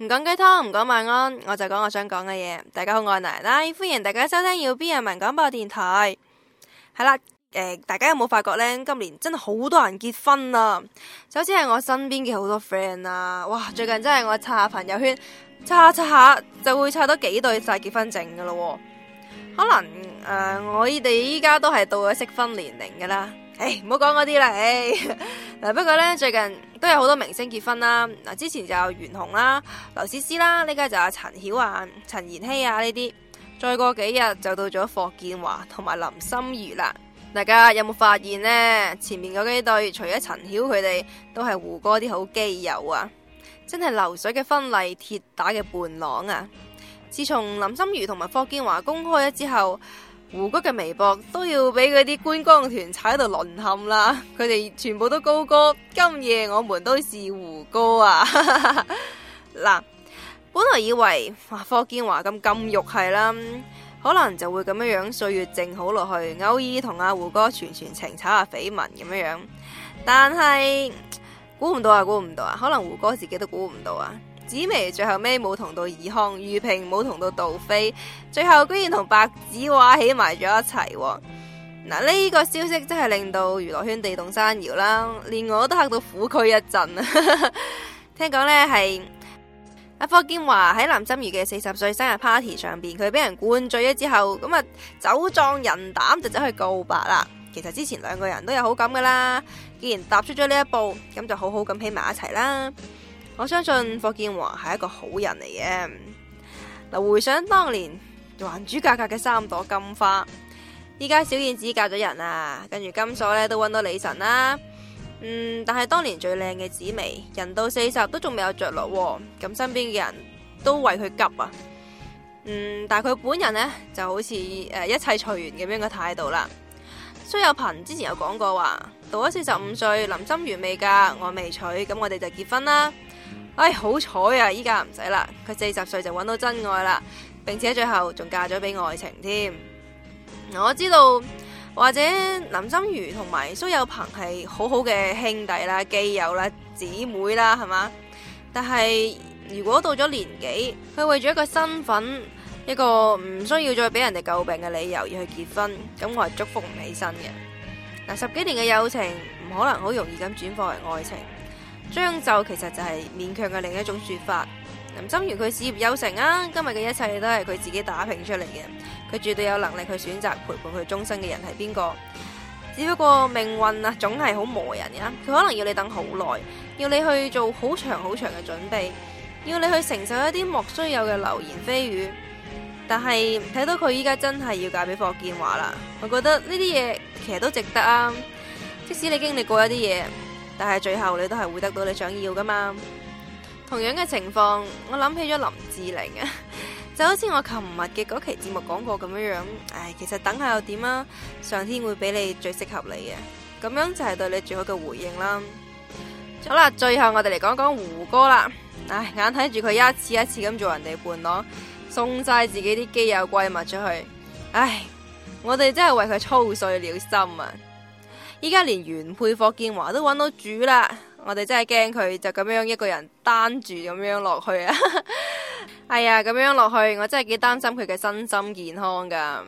唔講雞湯，唔講晚安，我就講我想講嘅嘢。大家好，我係奶奶，歡迎大家收聽要 B 人民廣播電台。係啦，誒、呃，大家有冇發覺呢？今年真係好多人結婚啦、啊。首先係我身邊嘅好多 friend 啊。哇，最近真係我刷下朋友圈，刷下刷下就會刷到幾對曬結婚證噶啦。可能誒、呃，我哋依家都係到咗適婚年齡噶啦。誒、欸，唔好講嗰啲嚟。欸嗱，不過呢，最近都有好多明星結婚啦。嗱，之前就有袁弘啦、劉詩詩啦，呢家就阿陳曉啊、陳妍希啊呢啲。再過幾日就到咗霍建華同埋林心如啦。大家有冇發現呢？前面嗰幾對，除咗陳曉佢哋，都係胡歌啲好基友啊！真係流水嘅婚禮，鐵打嘅伴郎啊！自從林心如同埋霍建華公開咗之後。胡歌嘅微博都要俾嗰啲觀光團踩到淪陷啦，佢 哋全部都高歌，今夜我們都是胡歌啊！嗱， 本來以為、啊、霍建華咁金肉係啦，可能就會咁樣樣歲月靜好落去，偶爾同阿胡歌傳傳情炒、啊緋聞，炒下緋聞咁樣樣，但係估唔到啊，估唔到啊，可能胡歌自己都估唔到啊。紫薇最後尾冇同到爾康，依萍冇同到杜飛，最後居然同白子畫起埋咗一齊。嗱、這、呢個消息真係令到娛樂圈地動山搖啦，連我都嚇到虎軀一震。 聽講呢係阿霍建華喺林心如嘅四十歲生日 party 上邊，佢俾人灌醉咗之後，咁啊酒壯人膽就走去告白啦。其實之前兩個人都有好感噶啦，既然踏出咗呢一步，咁就好好咁起埋一齊啦。我相信霍建華係一個好人嚟嘅。嗱，回想當年還珠格格嘅三朵金花，依家小燕子嫁咗人啦，跟住金鎖咧都揾到李晨啦。嗯，但係當年最靚嘅紫薇，人到四十都仲未有着落，啊，咁身邊嘅人都為佢急啊。嗯，但係佢本人呢，就好似誒一切隨緣咁樣嘅態度啦。蘇有朋之前有講過話，到咗四十五歲，林心如未嫁，我未娶，咁我哋就結婚啦。唉，好彩啊！依家唔使啦，佢四十歲就揾到真愛啦，並且最後仲嫁咗俾愛情添。我知道或者林心如同埋蘇有朋係好好嘅兄弟啦、基友啦、姊妹啦，係嘛？但係如果到咗年紀，佢為咗一個身份、一個唔需要再俾人哋詬病嘅理由而去結婚，咁我係祝福唔起身嘅。嗱，十幾年嘅友情唔可能好容易咁轉化為愛情。將就其實就係勉強嘅另一種說法。林心如佢事業有成啊，今日嘅一切都係佢自己打拼出嚟嘅。佢絕對有能力去選擇陪伴佢終生嘅人係邊個。只不過命運啊，總係好磨人嘅。佢可能要你等好耐，要你去做好長好長嘅準備，要你去承受一啲莫須有嘅流言蜚語。但係睇到佢依家真係要嫁俾霍建華啦，我覺得呢啲嘢其實都值得啊。即使你經歷過一啲嘢。但係最後你都係會得到你想要噶嘛？同樣嘅情況，我諗起咗林志玲啊， 就好似我琴日嘅嗰期節目講過咁樣樣。唉、哎，其實等下又點啊？上天會俾你最適合你嘅，咁樣就係對你最好嘅回應啦。好啦，最後我哋嚟講講胡歌啦。唉、哎，眼睇住佢一次一次咁做人哋伴郎，送晒自己啲基友閨蜜出去。唉、哎，我哋真係為佢操碎了心啊！依家連原配霍建華都揾到主啦，我哋真係驚佢就咁樣一個人單住咁樣落去啊！ 哎呀，咁樣落去，我真係幾擔心佢嘅身心健康噶。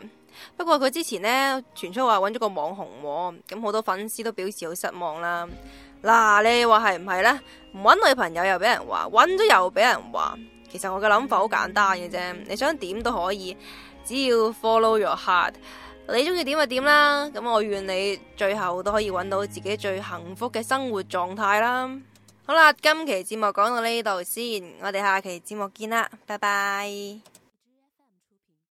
不過佢之前呢傳出話揾咗個網紅喎，咁好多粉絲都表示好失望啦。嗱，啊，你話係唔係呢？唔揾女朋友又俾人話，揾咗又俾人話。其實我嘅諗法好簡單嘅啫，你想點都可以，只要 follow your heart。你鍾意點就點啦，咁我願你最後都可以揾到自己最幸福嘅生活狀態啦。好啦，今期節目講到呢度先，我哋下期節目見啦，拜拜。